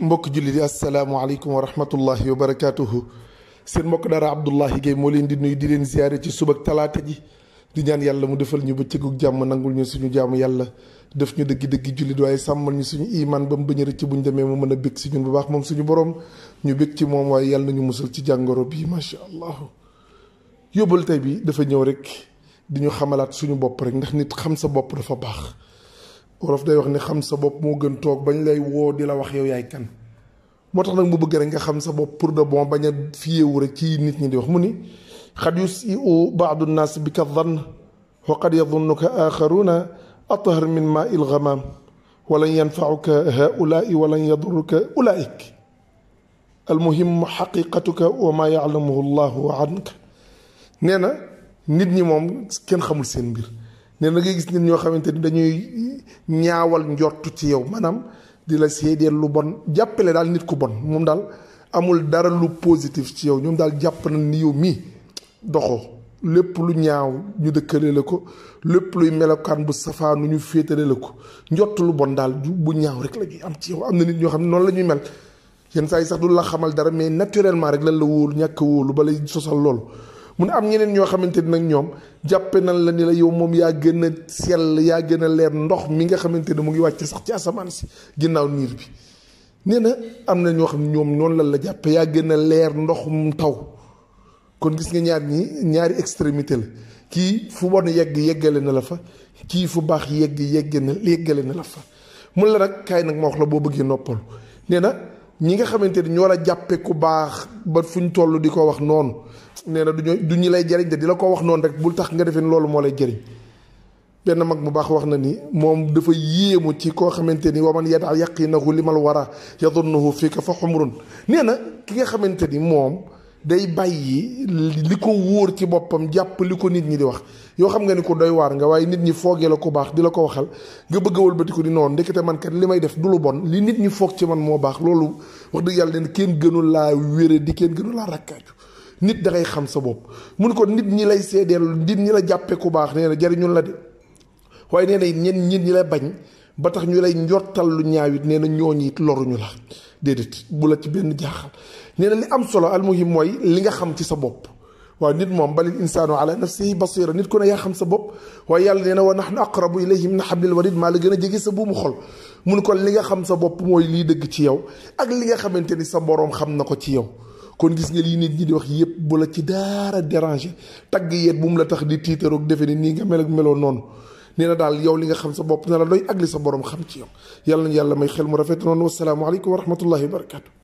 mbokk jullit yi asalaamaaleykum wa rahmatullahi wa barakaatuhu seen mbokk dara Abdoulaye Guèye moo leen di nuy di leen ziare ci suba talaata ji di ñaan yàlla mu defal ñu bëccëgu jàmm nangul ñu suñu jàmm yàlla def ñu dëgg-dëgg jullit waaye sàmmal ñu suñu iman ba mu bañ a rëcc bu ñu demee mu mën a bég si ñun bu baax moom suñu borom ñu bég ci moom waaye yàlla ñu musal ci jàngoro bi macha allah. yóbbal tey bi dafa ñëw rek di ñu xamalaat suñu bopp rek ndax nit xam sa bopp dafa baax. wolof day wax ni xam sa bopp moo gën toog bañ lay woo di la wax yow yaay kan moo tax nag mu bëgg rek nga xam sa bopp pour de bon bañ a fiyewu rek ci nit ñi di wax mu ni xad yusiu baadu nnaas bi ka dann wa qad yadunnuka axaruna athar min maa il gamaam walan yanfauka haulaai walan yaduruka ulaik almuhimu xaqiqatuka nee na nit ñi moom kenn xamul seen mbir nee na ngay gis nit ñoo xamante ni dañuy ñaawal njortu ci yow maanaam di la seedeel lu bon jàppale daal nit ku bon moom daal amul dara lu positif ci yow ñoom daal jàpp na ni yow mii doxoo lépp lu ñaaw ñu dëkkale la ko lépp luy melokaan bu safaanu ñu féetale la ko njott lu bon daal bu ñaaw rek la ñuy am ci yow am na nit ñoo xam ne noonu la ñuy mel yenn saa yi sax du la xamal dara mais naturellement rek lan la wóolu ñàkk wóolu ba lay sosal loolu mu ne am ñeneen ñoo xamante ni nag ñoom jàppe nan la ni la yow moom yaa gën a sell yaa gën a leer ndox mi nga xamante ne mu ngi wàcc sax ci asamaan si ginnaaw niir bi nee na am na ñoo xam ñoom noonu lan la jàppe yaa gën a leer ndoxum taw kon gis nga ñaar ñi ñaari extrémité la kii fu bon yegg yeggale na la fa kii fu baax yegg yegg na yeggale na la fa mun la nag kaay nag ma wax la boo bëggee noppalu nee na ñi nga xamante ni ñoo la jàppe ku baax ba fu ñu toll di ko wax noonu nee na duñu du ñu lay jëriñ te di la ko wax noonu rek bul tax nga defee loolu moo lay jëriñ benn mag bu baax wax na ni moom dafa yéemu ci koo xamante ni waman yata yaqinahu limal wara yadunnahu fika fa xumrun nee na ki nga xamante ni moom day bàyyi li ko wóor ci boppam jàpp li ko nit ñi di wax yoo xam nga ni ko doy waar nga waaye nit ñi foogee la ko baax di la ko waxal nga bëgg a wëlbatiku di noonu ndekete man kat li may def du lu bon li nit ñi foog ci man moo baax loolu wax dëgg yàlla ne kenn gënu laa wére di kenn gënul laa rakkaaju nit da xam sa bopp mun ko nit ñi lay seedeel nit ñi la jàppee ku baax nee na jariñul la de waaye nee na ñen nit ñi lay bañ ba tax ñu lay njortal lu ñaaw it nee na ñooñu it loruñu la déedéet bu la ci benn jaaxal nee na li am solo almuhim mooy li nga xam ci sa bopp waaw nit moom balil insaanu ala nafsihi basira nit ku ne yaa xam sa bopp waaye yàlla nee na wa nahnu aqrabu ilayhi min hablil warid maa la gën a jege sa buumu xol mun ko li nga xam sa bopp mooy lii dëgg ci yow ak li nga xamante ni sa boroom xam na ko ci yow kon gis nga lii nit ñi di wax yëpp bu la ci dara déranger tagg yeet bu mu la tax di tiitaroog defe ni nii nga mel ak meloo noonu nee na daal yow li nga xam sa bopp na la doy ak sa borom xam ci yow yàlla na yàlla may xel mu rafet noonu wasalaamaaleykum wa rahmatullahi wa barakatu